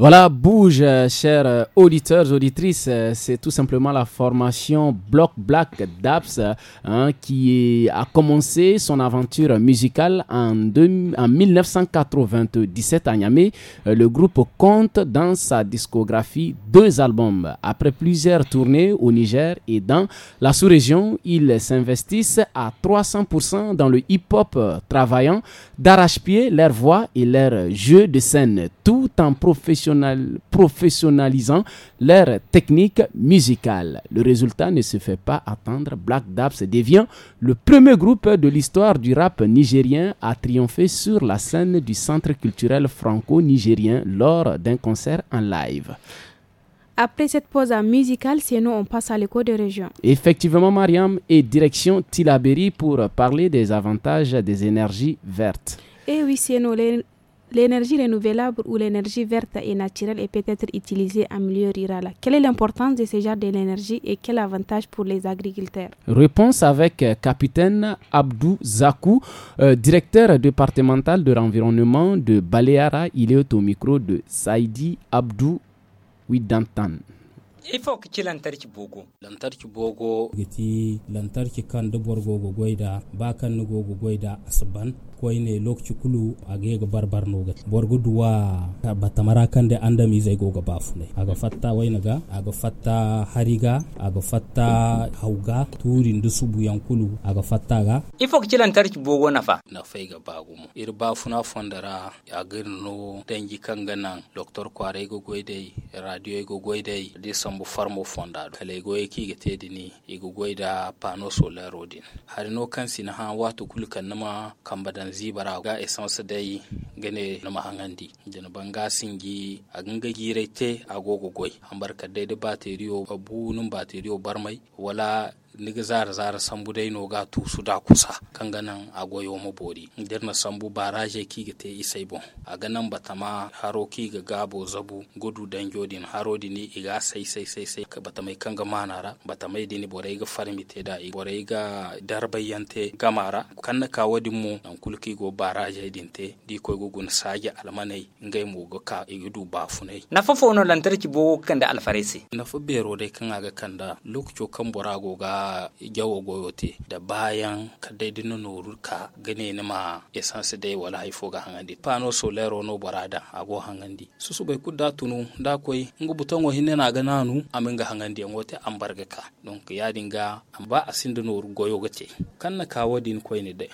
Voilà, bouge, euh, chers euh, auditeurs, auditrices, euh, c'est tout simplement la formation Block Black Daps hein, qui a commencé son aventure musicale en, 1997 à Niamey. Le groupe compte dans sa discographie deux albums. Après plusieurs tournées au Niger et dans la sous-région, ils s'investissent à 300% dans le hip-hop, travaillant d'arrache-pied leur voix et leur jeu de scène, tout en professionnel professionnalisant leur technique musicale. Le résultat ne se fait pas attendre. Black Daps devient le premier groupe de l'histoire du rap nigérien à triompher sur la scène du centre culturel franco-nigérien lors d'un concert en live. Après cette pause musicale, nous, on passe à l'écho de région. Effectivement, Mariam, et direction Tilaberi pour parler des avantages des énergies vertes. Eh oui, nous les l'énergie renouvelable ou l'énergie verte et naturelle est peut-être utilisée en milieu rural. Quelle est l'importance de ce genre d'énergie et quel avantage pour les agriculteurs Réponse avec euh, capitaine Abdou Zakou, euh, directeur départemental de l'environnement de Baleara. Il est au micro de Saidi Abdou Widantan. ifo ci lantarki bogo lantarki bogo giti lantarki kan da borgo go goida ba kan ni go goida asban koy ne lokci kulu age ga barbar no ga borgo duwa ta batamara kan da anda mi zai go ga bafu ne aga fatta wayna ga aga fatta hariga aga fatta hauga turin da subu yankulu aga fatta ga ifo ci lantarki bogo nafa na fai ga bagu mu ir bafu na fondara ya gerno tanji kan ganan doktor kware go radio go goidai far mu fonda do kala go ki ga tedini igo da pano solar rodin har no kan sina ha wato kul kan nama kambadan zibara ga essence dai gane nama hangandi jana banga singi aganga girete agogo goy ambarka dai da bateriyo babu nun bateriyo barmai wala niga zara zara sambu dai no ga tu su da kusa kan ganan agoyo mu bori dirna sambu baraje ki ga te isai bon a ganan batama haro ki ga gabo zabu gudu dan jodin haro dini iga sai sai sai sai ka batamai kan ga manara batamai dini borai ga farmi te da i borai ga darbayante gamara kan na ka wadin mu an kulki go baraje din te di ko go gun sage almanai ngai mu go ka ba funai na fafo no lantarki bo kan da alfarese na fa bero dai kan aga kan da lokacin kan borago ga a gyawo goyote da bayan ka daidai na noru ka gane ni ma su dai wala haifo ga hangandi pano solero no barada di hangandi su bai kudda tunu da koi ngu buton wa ne na ga a amin ga hangandi ngote ambarga ka donc ya a sin asindu noru goyo gace na kawo din koi ne dai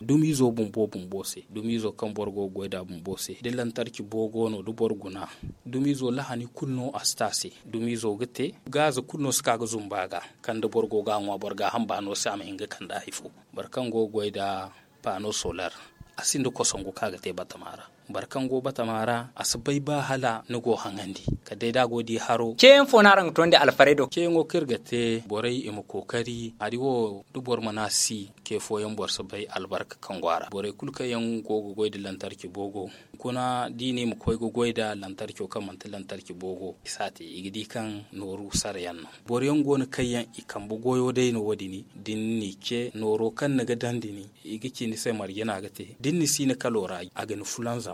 dumizo bumbo dumi dumizo kan borgo goida se de lantarki no du borguna dumizo lahani kunno astase dumizo gate gaza kunno suka ga zumbaga kan da borgo ga banwa borga han bano sam hinga kan da haifu barkan go da pano solar asindu kosongu kaga te batamara barkan go a mara bai ba hala gohan hangandi ka dai dago di haro ke en fonarang da alfredo ke ngo kirgate borai imu kokari ariwo dubor manasi ke foyan bor bai albarka gwara borai kulka yan gogo goida lantarki bogo kuna dini mu koi go goida lantarki kan manta lantarki bogo sati igidi kan noru saryan borai yan ikan kayan goyo dai no wadini dinni ke noro kan naga dandini igiki ni sai margina gate dinni sine kalora aga ni fulanza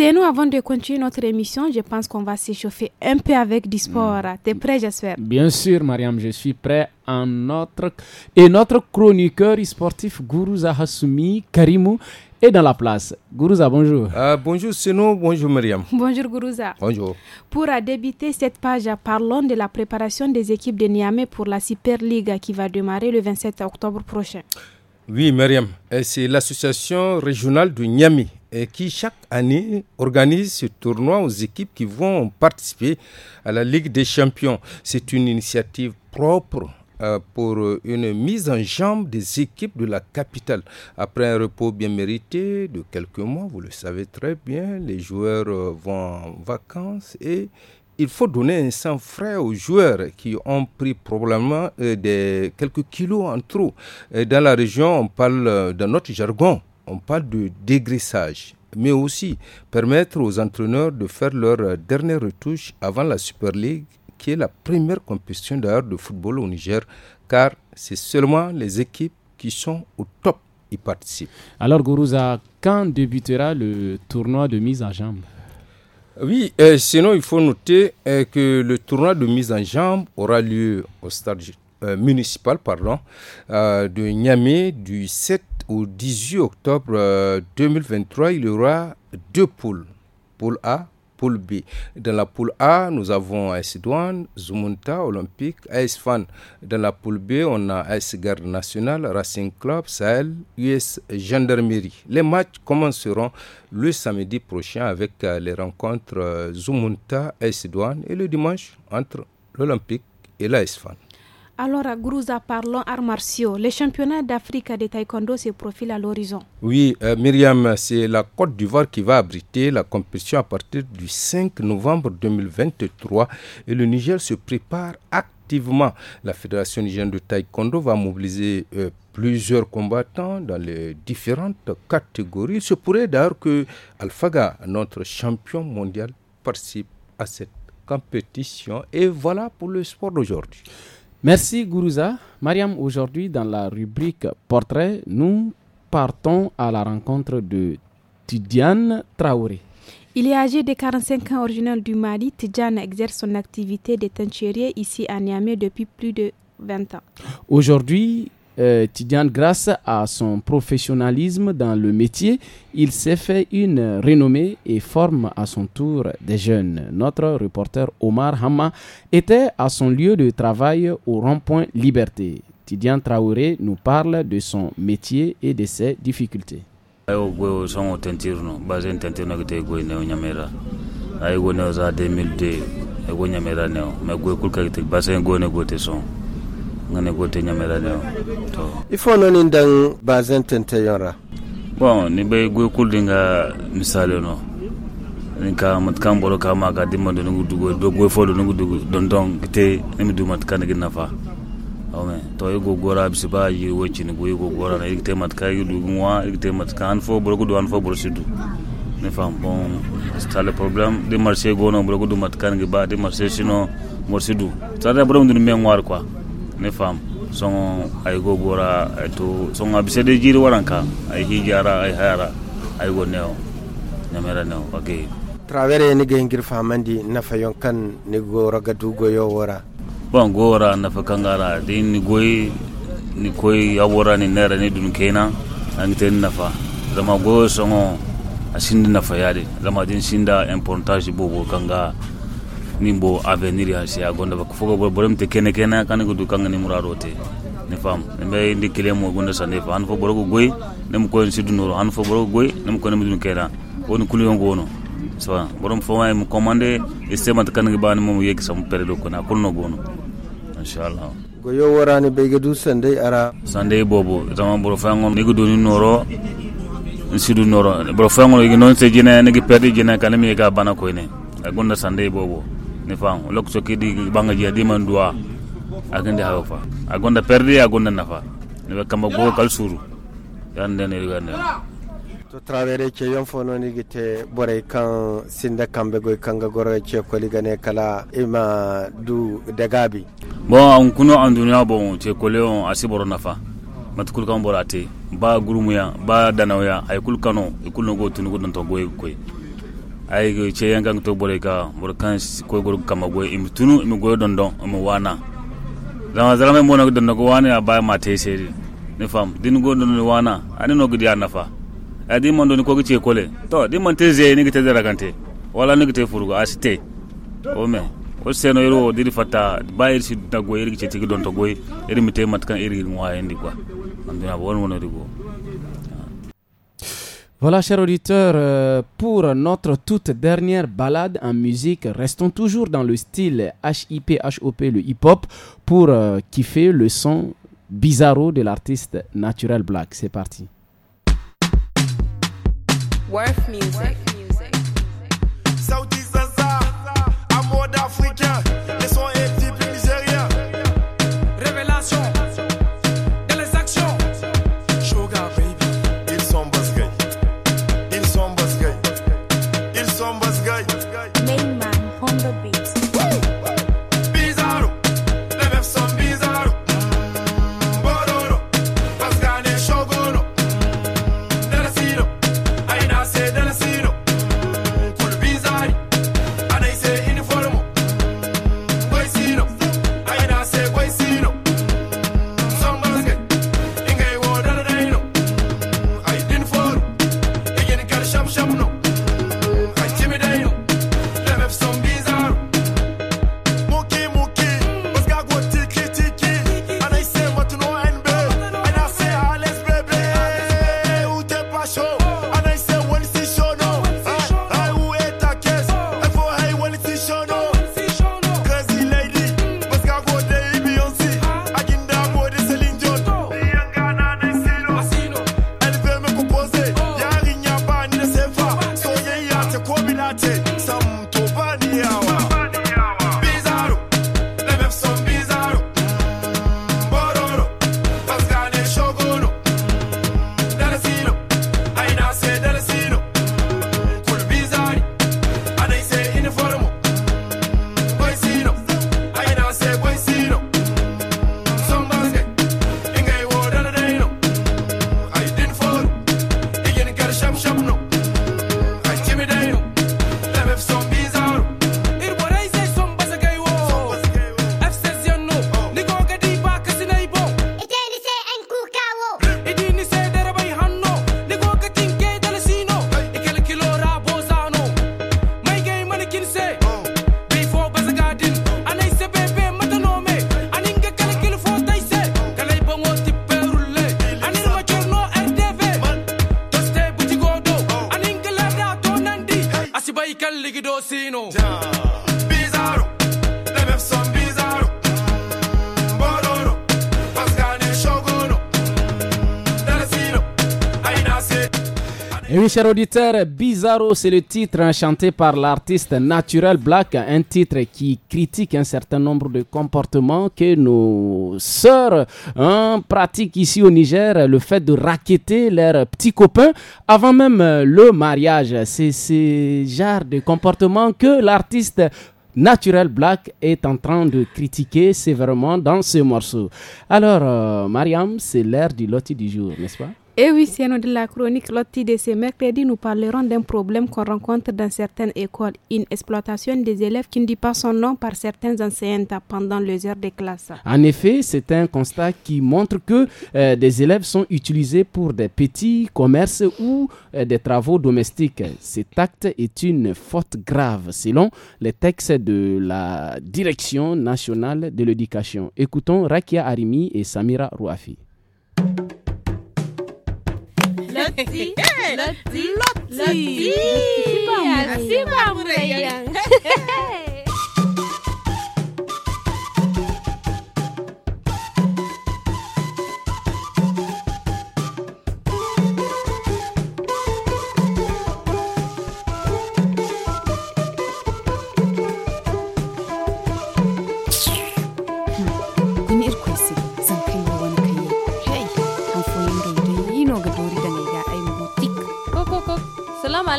c'est nous, avant de continuer notre émission, je pense qu'on va s'échauffer un peu avec du sport. tu hmm. T'es prêt, j'espère Bien sûr, Mariam, je suis prêt. notre... Et notre chroniqueur sportif, Gourouza Hassoumi Karimou, est dans la place. Gourouza, bonjour. Euh, bonjour Céno. bonjour Mariam. Bonjour Gourouza. Bonjour. Pour débuter cette page, parlons de la préparation des équipes de Niamey pour la Super League qui va démarrer le 27 octobre prochain. Oui, Myriam. C'est l'association régionale du Niamey qui, chaque année, organise ce tournoi aux équipes qui vont participer à la Ligue des champions. C'est une initiative propre euh, pour une mise en jambe des équipes de la capitale. Après un repos bien mérité de quelques mois, vous le savez très bien, les joueurs euh, vont en vacances et il faut donner un sang frais aux joueurs qui ont pris probablement euh, des, quelques kilos en trop. dans la région, on parle, euh, dans notre jargon, on parle de dégraissage mais aussi permettre aux entraîneurs de faire leur euh, dernière retouche avant la Super League, qui est la première compétition d'ailleurs de football au Niger, car c'est seulement les équipes qui sont au top y participent. Alors Gourouza, quand débutera le tournoi de mise à jambe oui, euh, sinon il faut noter euh, que le tournoi de mise en jambe aura lieu au stade euh, municipal de Niamey du 7 au 18 octobre 2023. Il y aura deux poules, pôle A poule B. Dans la poule A, nous avons AS Zumunta Olympique, AS Fan. Dans la poule B, on a AS Garde Nationale, Racing Club, Sahel, US Gendarmerie. Les matchs commenceront le samedi prochain avec euh, les rencontres euh, Zumunta, AS et le dimanche entre l'Olympique et l'AS Fan. Alors, à Grouza, parlons arts martiaux. Les championnats d'Afrique de taekwondo se profile à l'horizon. Oui, Miriam, euh, Myriam, c'est la Côte d'Ivoire qui va abriter la compétition à partir du 5 novembre 2023 et le Niger se prépare activement. La Fédération nigérienne de taekwondo va mobiliser euh, plusieurs combattants dans les différentes catégories. Il se pourrait d'ailleurs que Alphaga, notre champion mondial, participe à cette compétition. Et voilà pour le sport d'aujourd'hui. Merci Gourouza. Mariam, aujourd'hui dans la rubrique Portrait, nous partons à la rencontre de Tidiane Traoré. Il est âgé de 45 ans, originaire du Mali. Tidiane exerce son activité de teinturier ici à Niamey depuis plus de 20 ans. Aujourd'hui, euh, Tidiane, grâce à son professionnalisme dans le métier, il s'est fait une renommée et forme à son tour des jeunes. Notre reporter Omar Hamma était à son lieu de travail au rond-point Liberté. Tidiane Traoré nous parle de son métier et de ses difficultés. ngane ko te nyamera ne to ifo no ni dan bazen tente yora bon ni be gwe kuldinga misale no ni ka matkan boro ka ma ka dimo do ngudu go do gwe fo do ngudu don don kite ni mi du matkan gi nafa ome to yugo gora bisi ba yi wochi ni yugo gora na ikite matka yudu ngwa ikite matka an fo boro gudu an fo boro sidu ne fam bon c'est le de marché gono boro gudu matkan gi ba de marché sino morsidu tare boro ndu me ngwar kwa ne fam son ay go gora ay to son abisede jiri waranka ay hijara ay hara ay go neo nyamera neo okay travere ni gengir famandi na fayon kan ni gora ga dugo yo wora bon gora na fa kangara din ni goyi ni koy yawora ni nera ni dun kena an ten na fa zama go songo asinda na fa yade zama din sinda importance bobo kanga nimbo avenir ya siya gonda ba kufoka bo borem te kene kene kan ko dukanga ni muraro te ne fam ne be ndi kile mo gonda sa ne fam fo borogo goy ne mo ko en sidu noro an fo borogo goy ne mo ko ne mo dun kera woni kulu yongo wono so borom fo may mu commande e sema te kan ga ban mo yek sam perdo ko na kulno gono inshallah go yo worani be gedu sande ara sande bobo tama fa ngon ne gudu ni noro sidu noro fa ngon gi non se jina ne gi perdi jina kan mi ga bana ko ne gonda sande bobo ne fam lokso kidi banga jia di man dua agende hawa fa agonda perdi agonda nafa ne be kamba go kal suru yande ne rigande to travere ke yon fono ni gite bore kan sinda kambe go kanga goro ke ko ligane kala ima du dagabi bon an kuno an duniya bon te ko le on asiboro nafa matkul kan borate ba gurumuya ba danawya ay kul kano ikul no go tunu don to go ko ay ce yan kan to e ka bor kan ko gor kama go im tunu go don don im wana zama zama mo mona don na go wana ya ba ma te seri ne fam din go don wana ani no gidi anafa adi mon don ko gi che e kole to di mon te ze ni gi te zara kante wala ni gi te furgo asite o me o se no yero di fata bayir e si dago yiri che tigi don to goy iri mite matkan iri mo yendi kwa won bon wono go Voilà, chers auditeurs, euh, pour notre toute dernière balade en musique, restons toujours dans le style HIP, HOP, le hip-hop, pour euh, kiffer le son bizarro de l'artiste naturel Black. C'est parti. Mes chers auditeurs, Bizarro, c'est le titre chanté par l'artiste Naturel Black, un titre qui critique un certain nombre de comportements que nos sœurs hein, pratiquent ici au Niger, le fait de raqueter leurs petits copains avant même le mariage. C'est ce genre de comportement que l'artiste Naturel Black est en train de critiquer sévèrement dans ce morceau. Alors, euh, Mariam, c'est l'heure du loti du jour, n'est-ce pas et eh oui, c'est de la chronique Lotti de ce mercredi. Nous parlerons d'un problème qu'on rencontre dans certaines écoles, une exploitation des élèves qui ne dit pas son nom par certains enseignants pendant les heures de classe. En effet, c'est un constat qui montre que euh, des élèves sont utilisés pour des petits commerces ou euh, des travaux domestiques. Cet acte est une faute grave selon les textes de la Direction nationale de l'éducation. Écoutons Rakia Arimi et Samira Rouafi. Eh, Lati. Lati. Lati. Lati. Lati. Lati. Lati.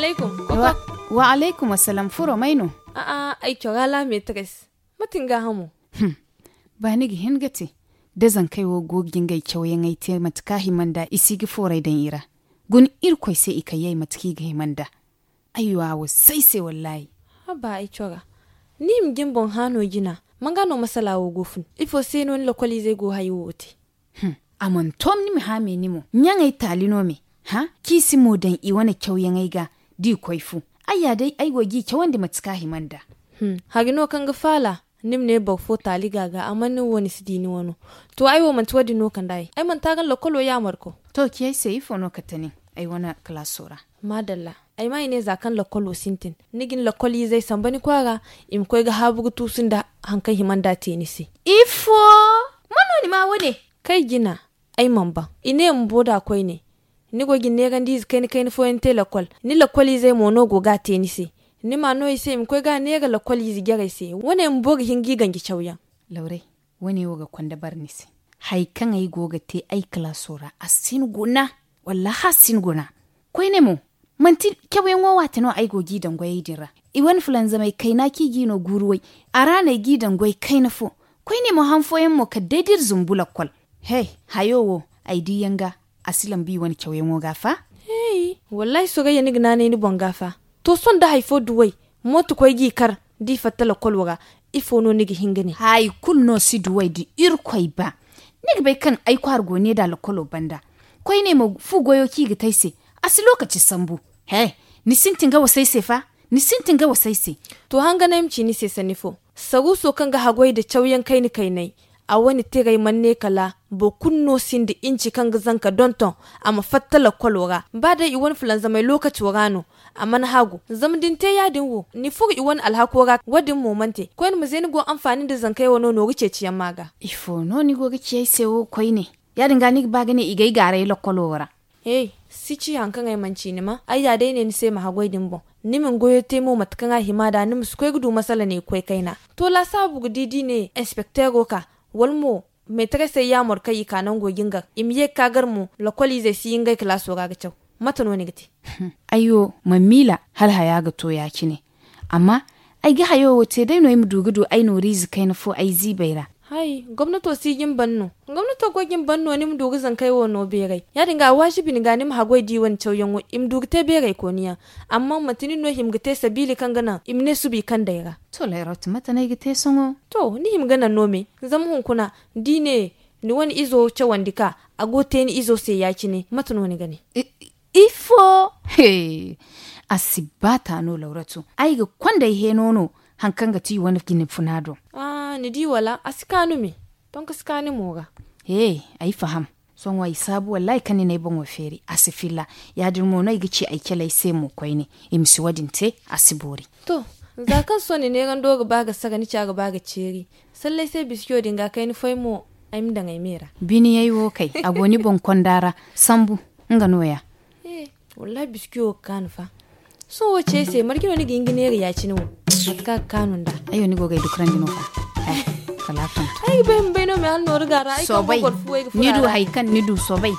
alaikum. Wa, wa alaikum wasalam furo maino. A'a, ai kyarala tres Matin ga hamu. Hm. Ba ni gihin gati. Da zan kai wa gogin gai kyauyen ai te matuka himanda isi gi forai dan ira. Gun irkwai sai ika yai matuki ga himanda. Aiwa wa sai sai wallahi. ba ai kyara. Ni mgin bon hano gina. Mangano masala wo gofun. Ifo sai non lokoli zai go hayi wote. Hmm. Amon tom ni mi ha me ni mo. Nyan talino me. Ha? Kisi mo dan i wani kyauyen ai ga. di kwaifu ayya dai aigo gi ke wanda matuka himanda hmm. hagino kan ga fala nim ne ba fo tali gaga amma ni woni sidi ni wono to ai wo mantuwa dino kan dai ai man tagan lokolo ya marko to ki ai sai fono katani ai wana klasora madalla ai mai ne zakan lokolo sintin nigin lokoli zai sambani kwaga im koi ga habugu sun da hankan himanda tenisi ifo manoni ma wone kai gina ai mamba ine mboda koi ne ni go gi ndiz ken ken fo en ni la ize go ga ni ma no ise mi ga ne ga lakol izi ga wone mbog hingi chawya laure weni barnisi hay kan ay te ay kala sora asin guna walla hasin guna mo manti kyawe wa wata no ay go gi dan gino dira i fulan zama kai na ki arana gi dan fo ne mo hanfo mo ka hey hayowo ay di yanga asilan bi wani kyauye mo gafa hey wallahi so ga yanig na ne ni gafa to son da haifo duwai motu koy gi kar di fatala kolwaga ifo no nigi hingani Hai, kul no si duwai di ir ba nigi bai kan ai kwar gone da lokolo banda koi ne mo fu goyo ki ga taise asi lokaci sambu he ni sintin ga wasai sefa ni sintin ga wasai to hanga na imci ni se sanifo sagu so kan ga hagoi da cauyan kai ni a wani tigai manne kala bo kunno sindi inci kan gizan ka donton ama fattala kolwara ba da iwan filan mai lokaci warano aman hagu zamdin te yadin wo ni fur iwan alhakora wadin momente koyin mu zeni go amfani da zankai wano nono rice ciyan maga ifo no ni go rice sai wo koi ne yadin ga ni ba gane igai gare lokolwara hey sici hankan ai manci ni ma ai ya dai ne ni sai mahagoi din bon nimin goyo te temo matkan a himada nimis kwai gudu masala ne kwai kaina to la sabu didi ne inspector goka walmo sai ya morka yi kanan gogin ga imye kagar mu lakwali zai si yin gai klaso ga gacau mata wani gati ayo mamila hal haya ga to ya kine amma ai ga hayo wote dai no im dugudu ai no rizikai na fo ai zibaira hai gwamnato yin banno gwamnato yin banno nim dugu zan kai wo no bere ya dinga washi bin ga nim hagoi diwan wo im dugu te ko niya amma matini no him gite sabili kan gana im ne subi kan daira to la rot mata ne gite songo to ni him gana no me zam hun kuna dine ni wani izo chawandika agote ni izo se yaki ne mata ni gani ifo he asibata no lauratu ai ga kwanda ihe nono ga ti wani gini funado ah ni di wala sikanu mi don ka sikani moga eh yi faham son wai sabu wallahi kani ne bon waferi asifila ya dirmo na gici yi kelai sai mu kwai ne a si asibori to za kan so ne ne ran doga ga saga ni ba ga ceri sallai sai biskiyo din ga kai ni fai mo ai da ngai mera bini yayi wo kai agoni bon kondara sambu nga noya eh wallahi biskiyo kan fa so wo chese margino ni gingine ri yachinu matka kanunda ayo ni gogai dukran dino fa eh, kala ton ay ben beno me an nor gara ay ko gor fuwe ni du hay kan ni du sobai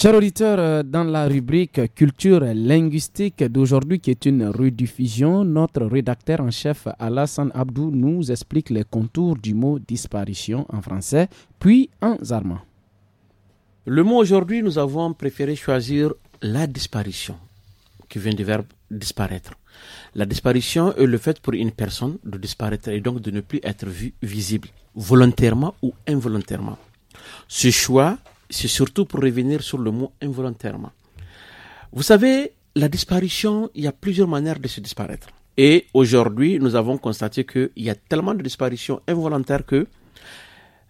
Chers auditeurs, euh, dans la rubrique culture linguistique d'aujourd'hui, qui est une rediffusion, notre rédacteur en chef Alassane Abdou nous explique les contours du mot disparition en français, puis en zarma. Le mot aujourd'hui, nous avons préféré choisir la disparition, qui vient du verbe disparaître. La disparition est le fait pour une personne de disparaître et donc de ne plus être vue visible, volontairement ou involontairement. Ce choix c'est surtout pour revenir sur le mot involontairement. Vous savez, la disparition, il y a plusieurs manières de se disparaître. Et aujourd'hui, nous avons constaté qu'il y a tellement de disparitions involontaires que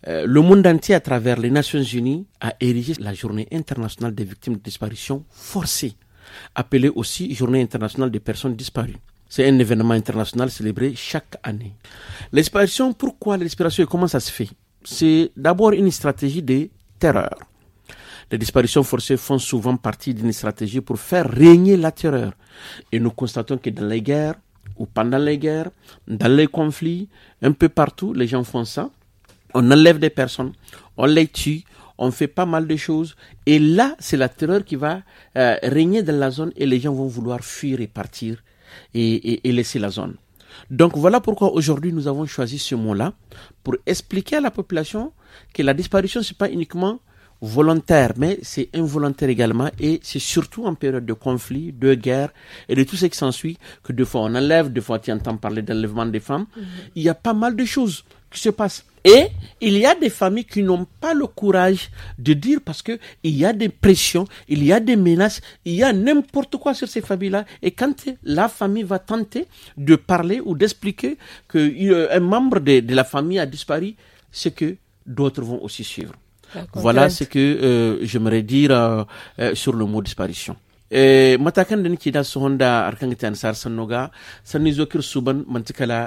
euh, le monde entier, à travers les Nations Unies, a érigé la journée internationale des victimes de disparitions forcées, appelée aussi journée internationale des personnes disparues. C'est un événement international célébré chaque année. L'expiration, pourquoi l'expiration et comment ça se fait C'est d'abord une stratégie de terreur. Les disparitions forcées font souvent partie d'une stratégie pour faire régner la terreur. Et nous constatons que dans les guerres, ou pendant les guerres, dans les conflits, un peu partout, les gens font ça. On enlève des personnes, on les tue, on fait pas mal de choses. Et là, c'est la terreur qui va euh, régner dans la zone et les gens vont vouloir fuir et partir et, et laisser la zone. Donc voilà pourquoi aujourd'hui nous avons choisi ce mot-là pour expliquer à la population que la disparition, n'est pas uniquement volontaire, mais c'est involontaire également, et c'est surtout en période de conflit, de guerre, et de tout ce qui s'ensuit, que deux fois on enlève, de fois tu entends parler d'enlèvement des femmes. Mm-hmm. Il y a pas mal de choses qui se passent. Et il y a des familles qui n'ont pas le courage de dire parce que il y a des pressions, il y a des menaces, il y a n'importe quoi sur ces familles-là. Et quand la famille va tenter de parler ou d'expliquer qu'un euh, membre de, de la famille a disparu, c'est que d'autres vont aussi suivre. Voilà ce que euh, j'aimerais dire euh, euh, sur le mot disparition. matakan da nake da su honda arkan gitan sar sannoga Sanizo zokir suban mantikala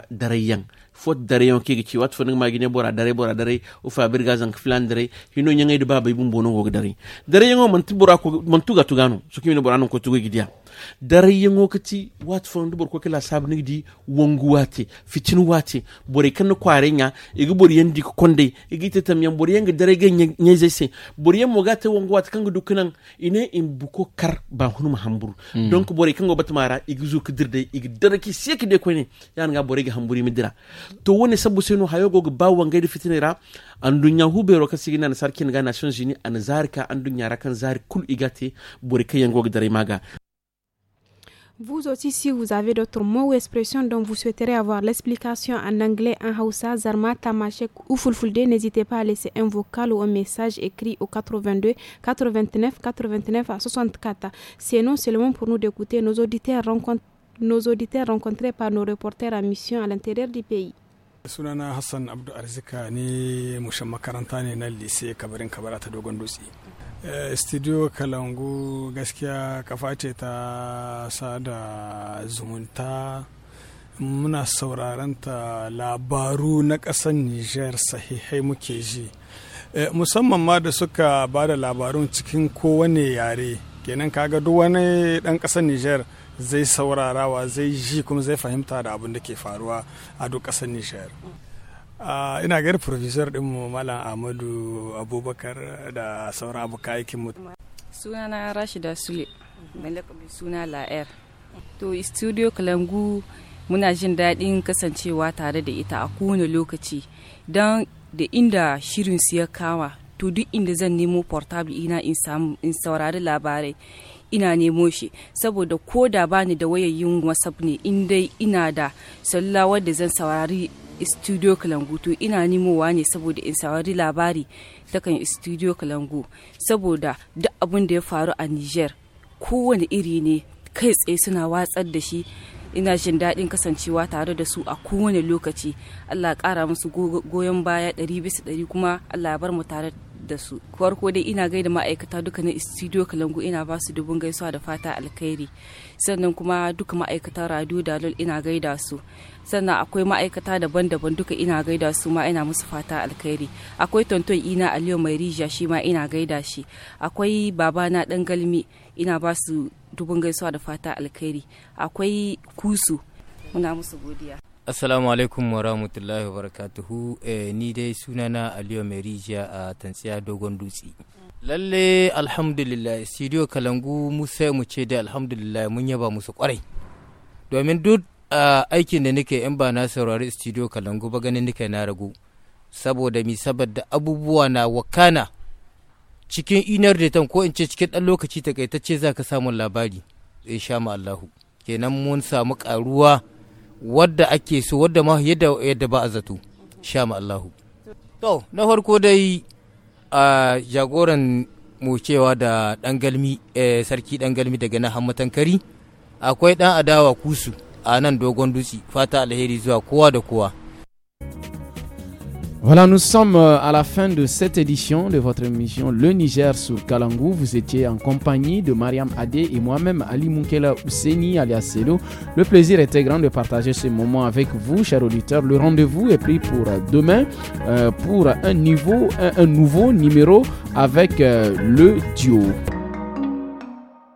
fot dare yon ke ci wat fo magine bora dare bora dare o fa birga zank flan dare hino nyanga de baba ibun mbono go dare dare yango man bora ko man tuga tugano so kimine bora non ko tuga dia dare yango ti wat fo bor ko kala sab ni di wongu wate fitin wati bore kan ko e go bori yandi ko konde gite tam yam bori yanga dare ge nyeze se yam mo gata wongu wate kan dukunan ine in buko kar ba hunu hamburu hmm. donc bori kan go batmara igi zu kidirde igi dare ki sek de ko ni yan ga bori ga hamburi midira Vous aussi, si vous avez d'autres mots ou expressions dont vous souhaiteriez avoir l'explication en anglais, en hausa, zarma, tamachek ou fulfulde, n'hésitez pas à laisser un vocal ou un message écrit au 82 89 89 à 64. Sinon, seulement pour nous d'écouter, nos auditeurs rencontrent nos auditeurs rencontrés par nos reporters à mission à l'intérieur du pays. sunana hassan abdu arzika ne mushan makaranta ne na lise kabarin kabara ta dogon dutse eh, studio kalangu gaskiya kafa ce ta sada zumunta muna sauraron labaru na ƙasar niger sahihai muke ji eh, musamman ma da suka ba da labarun cikin kowane yare kenan kaga duk wani ɗan ƙasar niger zai saurarawa zai ji kuma zai fahimta da abin da ke faruwa a duk ƙasar nishiyar ina gari din mu malam amadu abubakar da sauran abokan aikin mu na rashida sule malakabi suna La'air. to studio kalangu muna jin daɗin kasancewa tare da ita a kowane lokaci don da inda shirin su ya kama to duk inda zan nemo portable ina in saurari labarai ina nemo shi saboda ko da bani da wayayin whatsapp ne in dai ina da salula wadda zan saurari studio kalangu to ina nemowa ne saboda in saurari labari ta takan studio kalangu saboda duk abin da ya faru a niger kowane iri ne kai tsaye suna watsar da shi ina jin daɗin kasancewa tare da su a kowane lokaci allah ƙara musu goyon baya ɗari bisa ɗari kuma allah bar mu tare da su farko dai ina gaida ma'aikata duka na studio kalangu ina ba su dubun gaisuwa da fata alkhairi sannan kuma duka ma'aikata radio dalol ina gaida su sannan akwai ma'aikata daban-daban duka ina gaida su ma ina musu fata alkhairi akwai tonton ina aliyu mai rija shi ma ina gaida shi akwai babana dan galmi ina ba su dubun gaisuwa da fata alkhairi akwai kusu muna musu godiya assalamu alaikum wa rahmatullahi wa barakatuhu eh, ni dai sunana aliyu merija a tantsiya dogon dutse lalle alhamdulillah studio kalangu mu sai mu ce da alhamdulillah mun yaba musu kwarai domin duk aikin da nake in ba na saurari studio kalangu ba ganin nake na ragu saboda mi saboda abubuwa na wakana cikin inar da tan ko in ce cikin dan lokaci takaitacce za ka samun labari ya eh, sha ma Allahu kenan mun samu karuwa wadda ake so wadda ma yadda yadda ba a zato sha ma Allahu to na farko dai a jagoran mu cewa da dan eh, sarki dan galmi daga na hammatan kari akwai dan adawa kusu a nan dogon dutse fata alheri zuwa kowa da kowa Voilà, nous sommes euh, à la fin de cette édition de votre émission Le Niger sur Kalangou. Vous étiez en compagnie de Mariam Adé et moi-même, Ali Munkela Ouseni, alias Selo. Le plaisir était grand de partager ce moment avec vous, chers auditeurs. Le rendez-vous est pris pour euh, demain euh, pour un, un, nouveau numéro avec le duo.